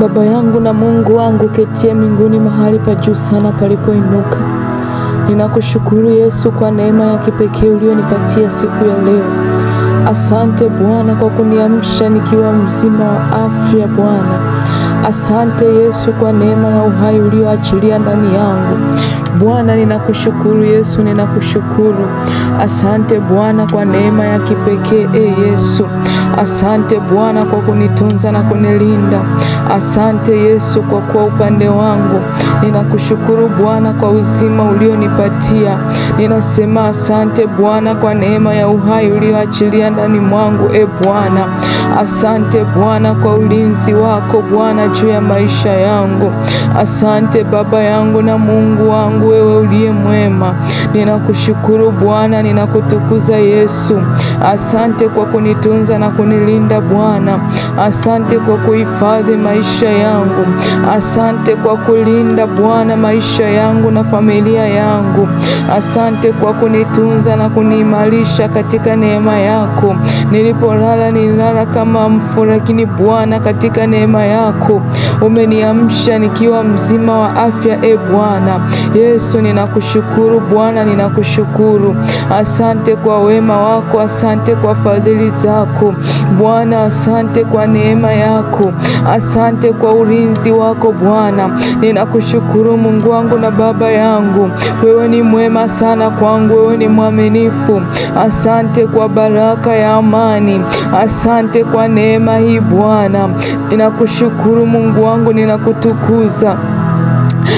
Baba yangu na Mungu wangu ketie mbinguni mahali pa juu sana palipoinuka, ninakushukuru Yesu kwa neema ya kipekee ulionipatia siku ya leo. Asante Bwana kwa kuniamsha nikiwa mzima wa afya Bwana. Asante Yesu kwa neema ya uhai ulioachilia ndani yangu Bwana, ninakushukuru Yesu, ninakushukuru. Asante Bwana kwa neema ya kipekee e Yesu. Asante Bwana kwa kunitunza na kunilinda. Asante Yesu kwa kuwa upande wangu. Ninakushukuru Bwana kwa uzima ulionipatia. Ninasema asante Bwana kwa neema ya uhai ulioachilia ndani mwangu, e Bwana. Asante Bwana kwa ulinzi wako Bwana juu ya maisha yangu. Asante Baba yangu na Mungu wangu, wewe uliye mwema. Ninakushukuru Bwana, ninakutukuza Yesu. Asante kwa kunitunza na kunilinda Bwana. Asante kwa kuhifadhi maisha yangu. Asante kwa kulinda Bwana maisha yangu na familia yangu. Asante kwa kunitunza na kuniimarisha katika neema yako. Nilipolala nililala kama mfu, lakini Bwana, katika neema yako umeniamsha nikiwa mzima wa afya. E Bwana Yesu, ninakushukuru Bwana, ninakushukuru. Asante kwa wema wako, asante kwa fadhili zako, Bwana, asante kwa neema yako, asante kwa ulinzi wako Bwana. Ninakushukuru Mungu wangu na Baba yangu, wewe ni mwema sana kwangu, wewe ni mwaminifu. Asante kwa baraka ya amani, asante kwa neema hii Bwana. Ninakushukuru Mungu wangu, ninakutukuza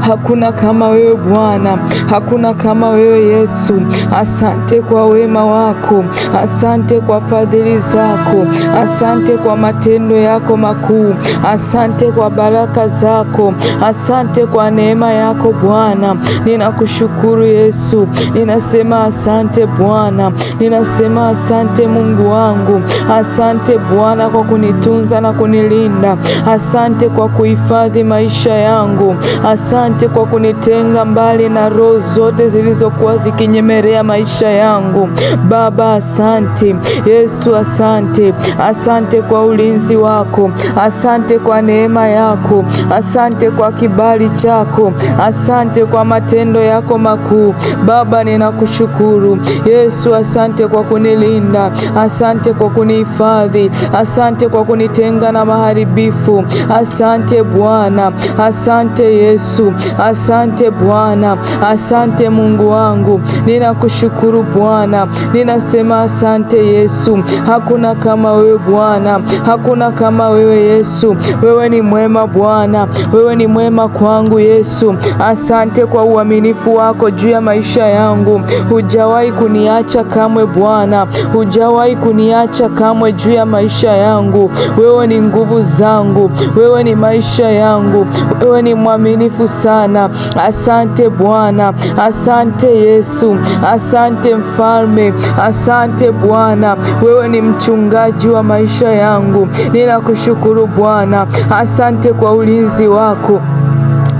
Hakuna kama wewe Bwana, hakuna kama wewe Yesu. Asante kwa wema wako, asante kwa fadhili zako, asante kwa matendo yako makuu, asante kwa baraka zako, asante kwa neema yako Bwana. Ninakushukuru Yesu, ninasema asante Bwana, ninasema asante Mungu wangu. Asante Bwana kwa kunitunza na kunilinda, asante kwa kuhifadhi maisha yangu, asante Asante kwa kunitenga mbali na roho zote zilizokuwa zikinyemelea maisha yangu. Baba, asante. Yesu, asante. Asante kwa ulinzi wako, asante kwa neema yako, asante kwa kibali chako, asante kwa matendo yako makuu. Baba, ninakushukuru Yesu, asante kwa kunilinda, asante kwa kunihifadhi, asante kwa kunitenga na maharibifu. Asante Bwana, asante Yesu. Yesu. Asante Bwana, asante Mungu wangu, ninakushukuru Bwana, ninasema asante Yesu. Hakuna kama wewe Bwana, hakuna kama wewe Yesu. Wewe ni mwema Bwana, wewe ni mwema kwangu Yesu. Asante kwa uaminifu wako juu ya maisha yangu, hujawahi kuniacha kamwe Bwana, hujawahi kuniacha kamwe juu ya maisha yangu. Wewe ni nguvu zangu, wewe ni maisha yangu, wewe ni mwaminifu sana. Asante Bwana, asante Yesu, asante Mfalme, asante Bwana. Wewe ni mchungaji wa maisha yangu, ninakushukuru Bwana, asante kwa ulinzi wako.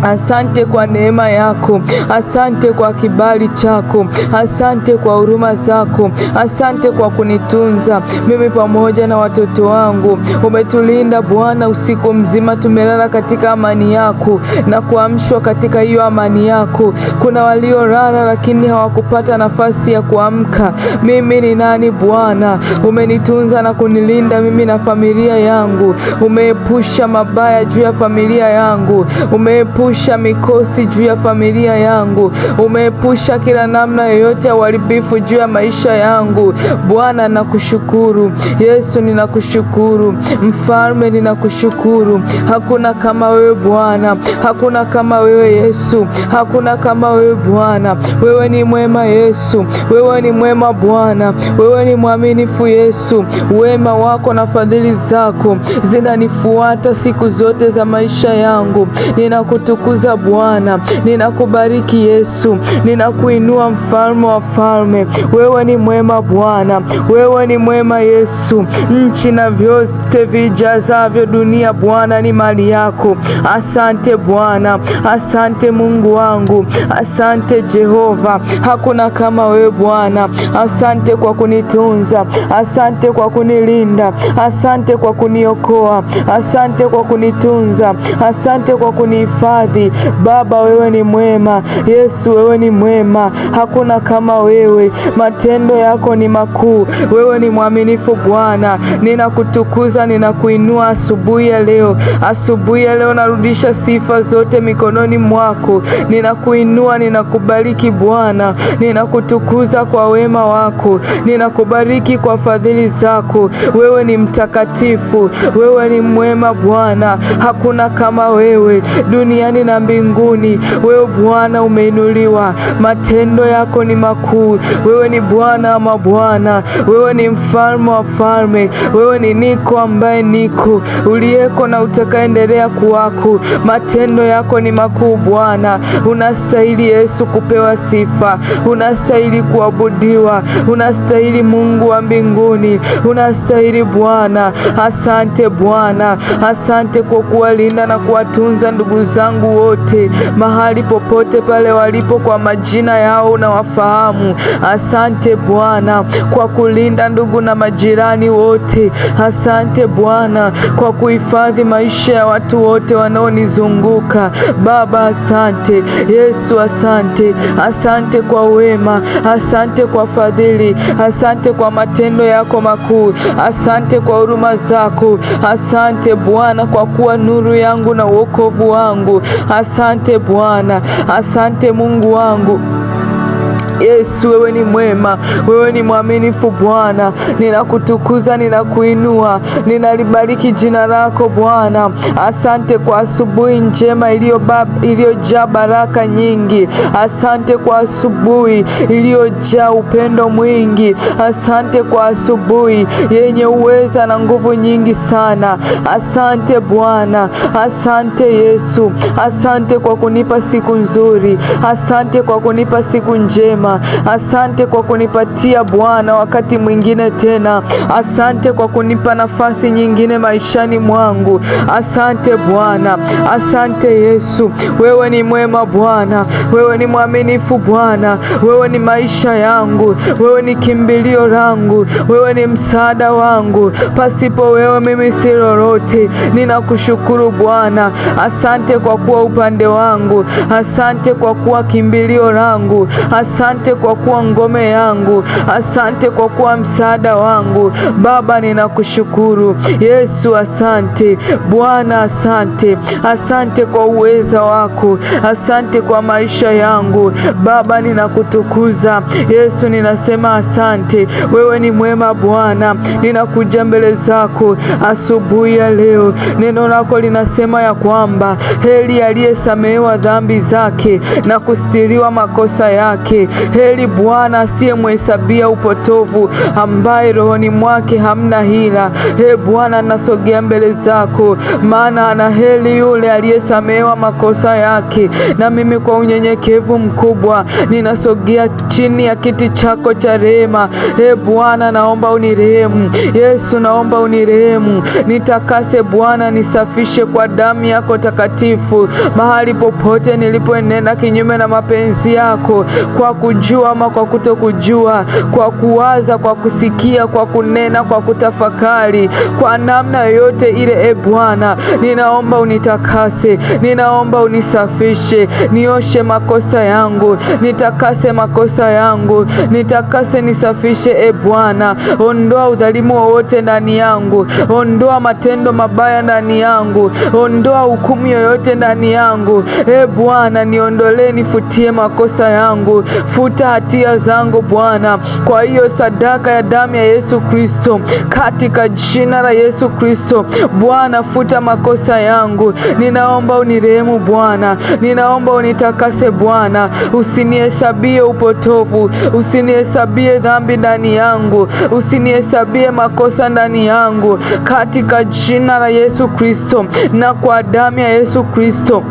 Asante kwa neema yako, asante kwa kibali chako, asante kwa huruma zako, asante kwa kunitunza mimi pamoja na watoto wangu. Umetulinda Bwana usiku mzima, tumelala katika amani yako na kuamshwa katika hiyo amani yako. Kuna waliolala lakini hawakupata nafasi ya kuamka. Mimi ni nani Bwana? Umenitunza na kunilinda mimi na familia yangu, umeepusha mabaya juu ya familia yangu, umeepusha umeepusha mikosi juu ya familia yangu, umeepusha kila namna yoyote ya uharibifu juu ya maisha yangu. Bwana nakushukuru, Yesu ninakushukuru, mfalme ninakushukuru. Hakuna kama wewe Bwana, hakuna kama wewe Yesu, hakuna kama wewe Bwana. Wewe ni mwema Yesu, wewe ni mwema Bwana, wewe ni mwaminifu Yesu. Wema wako na fadhili zako zinanifuata siku zote za maisha yangu. Ninakutukuza ninakutukuza Bwana, ninakubariki Yesu, ninakuinua mfalme wa falme. Wewe ni mwema Bwana, wewe ni mwema Yesu. Nchi na vyote vijazavyo, dunia Bwana ni mali yako. Asante Bwana, asante Mungu wangu, asante Jehova, hakuna kama wewe Bwana. Asante kwa kunitunza, asante kwa kunilinda, asante kwa kuniokoa, asante kwa kunitunza, asante kwa kunihifadhi radhi. Baba, wewe ni mwema. Yesu, wewe ni mwema, hakuna kama wewe. Matendo yako ni makuu. Wewe ni mwaminifu Bwana. Ninakutukuza, ninakuinua asubuhi ya leo. Asubuhi ya leo narudisha sifa zote mikononi mwako. Ninakuinua, ninakubariki Bwana, ninakutukuza kwa wema wako, ninakubariki kwa fadhili zako. Wewe ni mtakatifu, wewe ni mwema Bwana, hakuna kama wewe dunia duniani na mbinguni. Wewe Bwana umeinuliwa, matendo yako ni makuu. Wewe ni Bwana wa mabwana, wewe ni mfalme wa falme, wewe ni niko ambaye niko, uliyeko na utakaendelea kuwako. Matendo yako ni makuu Bwana. Unastahili Yesu kupewa sifa, unastahili kuabudiwa, unastahili Mungu wa mbinguni, unastahili Bwana. Asante Bwana, asante kwa kuwalinda na kuwatunza ndugu zangu wangu wote mahali popote pale walipo, kwa majina yao unawafahamu. Asante Bwana kwa kulinda ndugu na majirani wote. Asante Bwana kwa kuhifadhi maisha ya watu wote wanaonizunguka Baba. Asante Yesu, asante, asante kwa wema, asante kwa fadhili, asante kwa matendo yako makuu, asante kwa huruma zako. Asante Bwana kwa kuwa nuru yangu na wokovu wangu. Asante Bwana, asante Mungu wangu. Yesu, wewe ni mwema, wewe ni mwaminifu Bwana. Ninakutukuza, ninakuinua, ninalibariki jina lako Bwana. Asante kwa asubuhi njema iliyojaa baraka nyingi. Asante kwa asubuhi iliyojaa upendo mwingi. Asante kwa asubuhi yenye uweza na nguvu nyingi sana. Asante Bwana, asante Yesu, asante kwa kunipa siku nzuri, asante kwa kunipa siku njema njema. Asante kwa kunipatia Bwana wakati mwingine tena, asante kwa kunipa nafasi nyingine maishani mwangu. Asante Bwana, asante Yesu, wewe ni mwema Bwana, wewe ni mwaminifu Bwana, wewe ni maisha yangu, wewe ni kimbilio langu, wewe ni msaada wangu. Pasipo wewe mimi si lolote. Ninakushukuru Bwana, asante kwa kuwa upande wangu, asante kwa kuwa kimbilio langu, asante Asante kwa kuwa ngome yangu, asante kwa kuwa msaada wangu. Baba, ninakushukuru Yesu, asante Bwana, asante, asante kwa uweza wako, asante kwa maisha yangu. Baba, ninakutukuza Yesu, ninasema asante. Wewe ni mwema Bwana, ninakuja mbele zako asubuhi ya leo. Neno lako linasema ya kwamba heri aliyesamehewa dhambi zake na kustiriwa makosa yake heli Heri Bwana asiyemhesabia upotovu, ambaye rohoni mwake hamna hila. e Bwana, nasogea mbele zako, maana ana heri yule aliyesamehewa makosa yake. Na mimi kwa unyenyekevu mkubwa ninasogea chini ya kiti chako cha rehema. e Bwana, naomba unirehemu. Yesu, naomba unirehemu, nitakase Bwana, nisafishe kwa damu yako takatifu, mahali popote nilipoenenda kinyume na mapenzi yako kwa kujua ama kwa kutokujua, kwa kuwaza, kwa kusikia, kwa kunena, kwa kutafakari, kwa namna yoyote ile. E Bwana, ninaomba unitakase, ninaomba unisafishe, nioshe makosa yangu, nitakase makosa yangu, nitakase, nisafishe. E Bwana, ondoa udhalimu wowote ndani yangu, ondoa matendo mabaya ndani yangu, ondoa hukumu yoyote ndani yangu. E Bwana, niondolee, nifutie makosa yangu, futa hatia zangu Bwana, kwa hiyo sadaka ya damu ya Yesu Kristo, katika jina la Yesu Kristo. Bwana, futa makosa yangu, ninaomba unirehemu Bwana, ninaomba unitakase Bwana, usinihesabie upotovu, usinihesabie dhambi ndani yangu, usinihesabie makosa ndani yangu, katika jina la Yesu Kristo na kwa damu ya Yesu Kristo.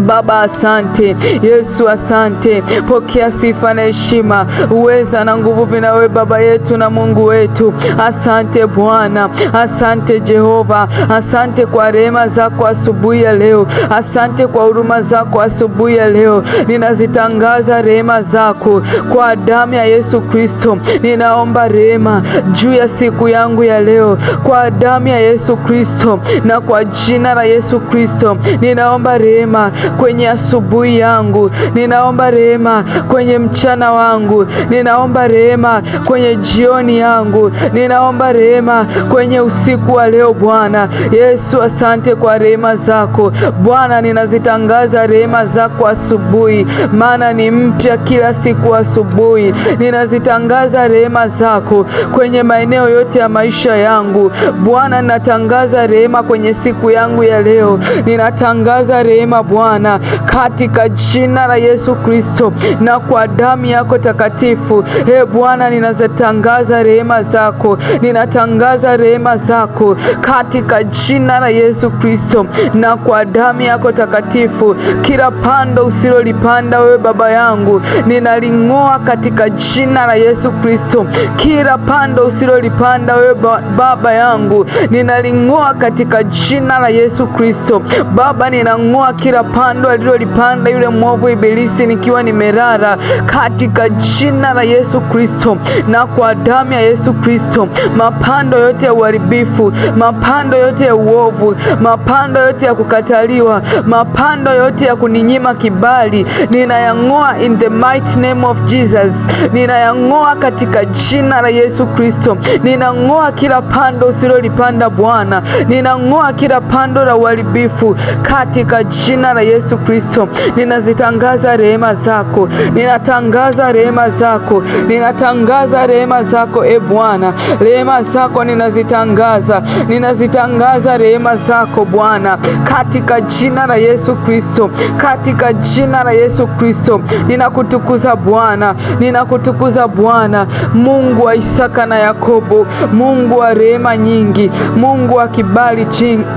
Baba asante Yesu, asante. Pokea sifa na heshima, uweza na nguvu vinawe Baba yetu na Mungu wetu. Asante Bwana, asante Jehova, asante kwa rehema zako asubuhi ya leo, asante kwa huruma zako asubuhi ya leo. Ninazitangaza rehema zako kwa damu ya Yesu Kristo. Ninaomba rehema juu ya siku yangu ya leo kwa damu ya Yesu Kristo na kwa jina la Yesu Kristo ninaomba rehema kwenye asubuhi yangu, ninaomba rehema kwenye mchana wangu, ninaomba rehema kwenye jioni yangu, ninaomba rehema kwenye usiku wa leo. Bwana Yesu, asante kwa rehema zako Bwana, ninazitangaza rehema zako asubuhi, maana ni mpya kila siku asubuhi. Ninazitangaza rehema zako kwenye maeneo yote ya maisha yangu Bwana, ninatangaza rehema kwenye siku yangu ya leo, ninatangaza rehema Bwana Bwana, katika jina la Yesu Kristo na kwa damu yako takatifu. E Bwana, ninazitangaza rehema zako, ninatangaza rehema zako katika jina la Yesu Kristo na kwa damu yako takatifu. Kila pando usilolipanda wewe Baba yangu ninaling'oa katika jina la Yesu Kristo. Kila pando usilolipanda wewe Baba yangu ninaling'oa katika jina la Yesu Kristo. Baba, ninang'oa kila pando pando alilolipanda yule mwovu Ibilisi, nikiwa nimerara katika jina la Yesu Kristo na kwa damu ya Yesu Kristo, mapando yote ya uharibifu, mapando yote ya uovu, mapando yote ya kukataliwa, mapando yote ya kuninyima kibali, ninayang'oa in the mighty name of Jesus, ninayang'oa katika jina la Yesu Kristo. Ninang'oa kila pando usilolipanda Bwana, ninang'oa kila pando la uharibifu katika jina la Yesu Kristo, ninazitangaza rehema zako, ninatangaza rehema zako, ninatangaza rehema zako e Bwana, rehema zako ninazitangaza, ninazitangaza rehema zako Bwana, katika jina la Yesu Kristo, katika jina la Yesu Kristo. Ninakutukuza Bwana, ninakutukuza Bwana, Mungu wa Isaka na Yakobo, Mungu wa rehema nyingi, Mungu wa kibali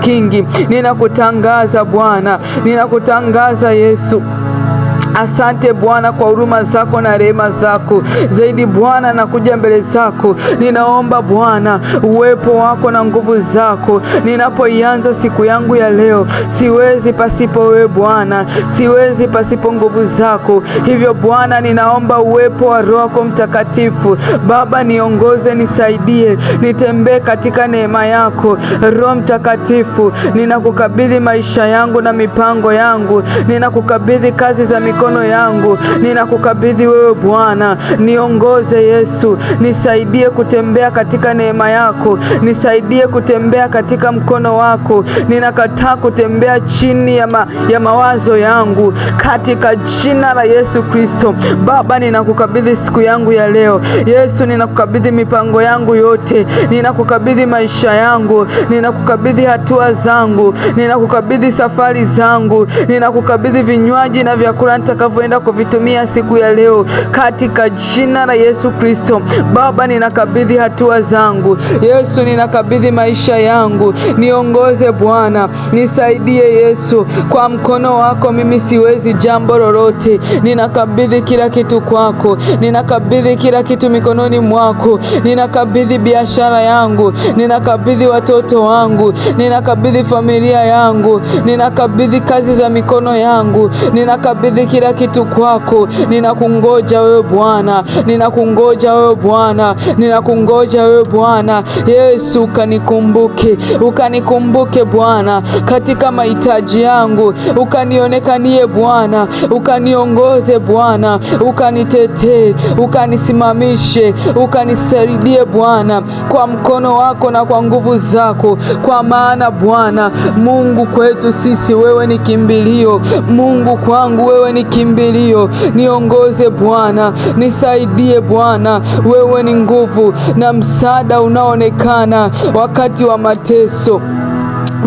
kingi, ninakutangaza Bwana, ninakutangaza kumtangaza Yesu. Asante Bwana kwa huruma zako na rehema zako zaidi. Bwana nakuja mbele zako, ninaomba Bwana uwepo wako na nguvu zako. Ninapoianza siku yangu ya leo, siwezi pasipo wewe Bwana, siwezi pasipo nguvu zako. Hivyo Bwana, ninaomba uwepo wa Roho wako Mtakatifu. Baba, niongoze, nisaidie, nitembee katika neema yako. Roho Mtakatifu, ninakukabidhi maisha yangu na mipango yangu, ninakukabidhi kazi za mikono mikono yangu, ninakukabidhi wewe Bwana. Niongoze Yesu, nisaidie kutembea katika neema yako, nisaidie kutembea katika mkono wako. Ninakataa kutembea chini ya, ma, ya mawazo yangu, katika jina la Yesu Kristo. Baba, ninakukabidhi siku yangu ya leo. Yesu, ninakukabidhi mipango yangu yote, ninakukabidhi maisha yangu, ninakukabidhi hatua zangu, ninakukabidhi safari zangu, ninakukabidhi vinywaji na vyakula nitakavyoenda kuvitumia siku ya leo katika jina la Yesu Kristo. Baba, ninakabidhi hatua zangu. Yesu, ninakabidhi maisha yangu, niongoze Bwana, nisaidie Yesu, kwa mkono wako mimi siwezi jambo lolote. Ninakabidhi kila kitu kwako, ninakabidhi kila kitu mikononi mwako, ninakabidhi biashara yangu, ninakabidhi watoto wangu, ninakabidhi familia yangu, ninakabidhi kazi za mikono yangu, ninakabidhi kila kila kitu kwako. Ninakungoja wewe Bwana, ninakungoja wewe Bwana, ninakungoja wewe Bwana. Yesu ukanikumbuke, ukanikumbuke Bwana katika mahitaji yangu, ukanionekanie Bwana, ukaniongoze Bwana, ukanitetee, ukanisimamishe, ukanisaidie Bwana kwa mkono wako na kwa nguvu zako, kwa maana Bwana Mungu kwetu sisi wewe ni kimbilio, Mungu kwangu wewe ni kimbilio. Niongoze Bwana, nisaidie Bwana, wewe ni nguvu na msaada unaoonekana wakati wa mateso.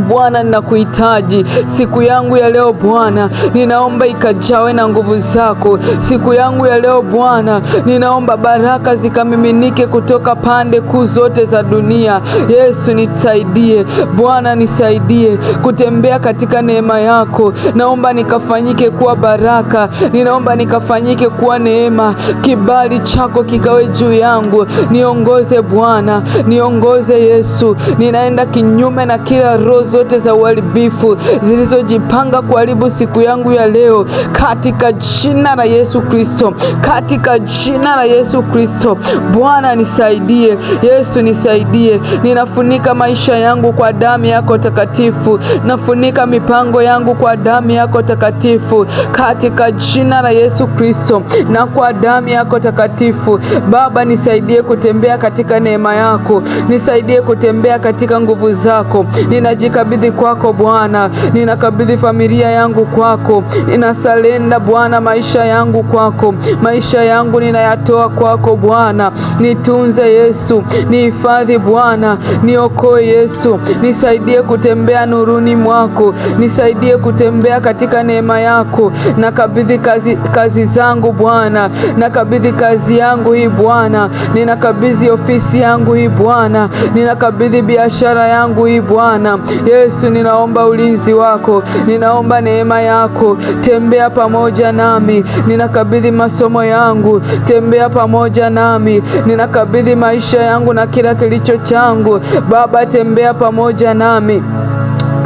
Bwana, ninakuhitaji siku yangu ya leo Bwana, ninaomba ikajawe na nguvu zako. Siku yangu ya leo Bwana, ninaomba baraka zikamiminike kutoka pande kuu zote za dunia. Yesu nisaidie Bwana, nisaidie kutembea katika neema yako. Naomba nikafanyike kuwa baraka, ninaomba nikafanyike kuwa neema. Kibali chako kikawe juu yangu, niongoze Bwana, niongoze Yesu. Ninaenda kinyume na kila roho zote za uharibifu zilizojipanga kuharibu siku yangu ya leo, katika jina la Yesu Kristo, katika jina la Yesu Kristo. Bwana nisaidie, Yesu nisaidie. Ninafunika maisha yangu kwa damu yako takatifu, nafunika mipango yangu kwa damu yako takatifu, katika jina la Yesu Kristo na kwa damu yako takatifu. Baba nisaidie kutembea katika neema yako, nisaidie kutembea katika nguvu zako. Ninajika ninakabidhi kwako Bwana, ninakabidhi familia yangu kwako, ninasalenda Bwana maisha yangu kwako, maisha yangu ninayatoa kwako Bwana, nitunze Yesu, nihifadhi Bwana, niokoe Yesu, nisaidie kutembea nuruni mwako, nisaidie kutembea katika neema yako. Nakabidhi kazi, kazi zangu Bwana, nakabidhi kazi yangu hii Bwana, ninakabidhi ofisi yangu hii Bwana, ninakabidhi biashara yangu hii Bwana Yesu, ninaomba ulinzi wako, ninaomba neema yako, tembea pamoja nami. Ninakabidhi masomo yangu, tembea pamoja nami. Ninakabidhi maisha yangu na kila kilicho changu, Baba, tembea pamoja nami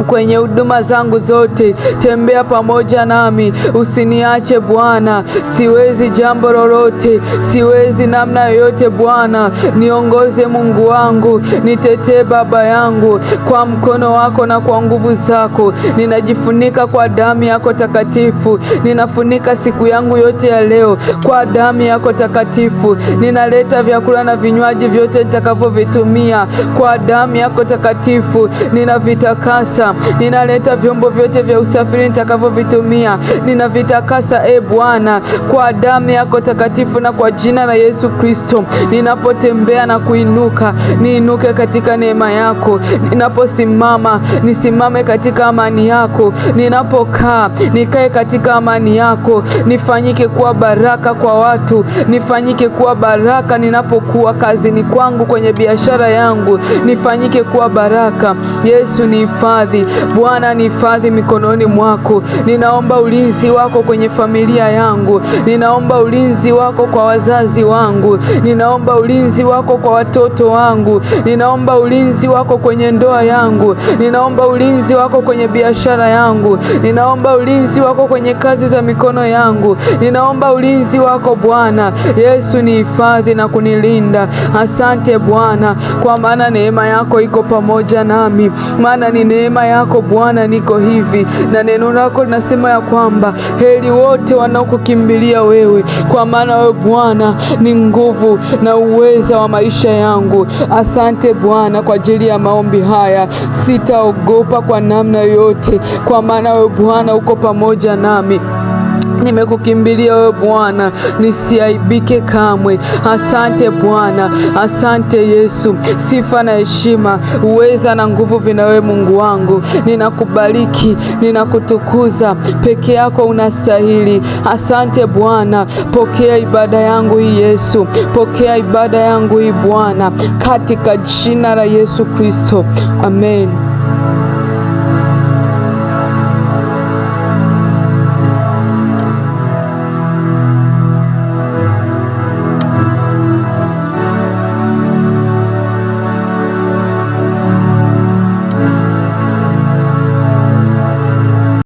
kwenye huduma zangu zote. Tembea pamoja nami, usiniache Bwana. Siwezi jambo lolote, siwezi namna yoyote Bwana. Niongoze Mungu wangu, nitetee Baba yangu kwa mkono wako na kwa nguvu zako. Ninajifunika kwa damu yako takatifu, ninafunika siku yangu yote ya leo kwa damu yako takatifu. Ninaleta vyakula na vinywaji vyote nitakavyovitumia kwa damu yako takatifu, ninavitakasa ninaleta vyombo vyote vya usafiri nitakavyovitumia, ninavitakasa e Bwana, kwa damu yako takatifu na kwa jina la Yesu Kristo. Ninapotembea na kuinuka, niinuke katika neema yako. Ninaposimama, nisimame katika amani yako. Ninapokaa, nikae katika amani yako. Nifanyike kuwa baraka kwa watu, nifanyike kuwa baraka ninapokuwa kazini kwangu, kwenye biashara yangu, nifanyike kuwa baraka. Yesu, nihifadhi Bwana nihifadhi mikononi mwako, ninaomba ulinzi wako kwenye familia yangu, ninaomba ulinzi wako kwa wazazi wangu, ninaomba ulinzi wako kwa watoto wangu, ninaomba ulinzi wako kwenye ndoa yangu, ninaomba ulinzi wako kwenye biashara yangu, ninaomba ulinzi wako kwenye kazi za mikono yangu, ninaomba ulinzi wako Bwana Yesu, nihifadhi na kunilinda. Asante Bwana, kwa maana neema yako iko pamoja nami, maana ni neema yako Bwana niko hivi, na neno lako linasema ya kwamba heri wote wanaokukimbilia wewe, kwa maana wewe Bwana ni nguvu na uweza wa maisha yangu. Asante Bwana kwa ajili ya maombi haya, sitaogopa kwa namna yoyote, kwa maana wewe Bwana uko pamoja nami nimekukimbilia wewe Bwana, nisiaibike kamwe. Asante Bwana, asante Yesu. Sifa na heshima, uweza na nguvu vina wewe Mungu wangu. Ninakubariki, ninakutukuza, peke yako unastahili. Asante Bwana, pokea ibada yangu hii Yesu, pokea ibada yangu hii Bwana, katika jina la Yesu Kristo, amen.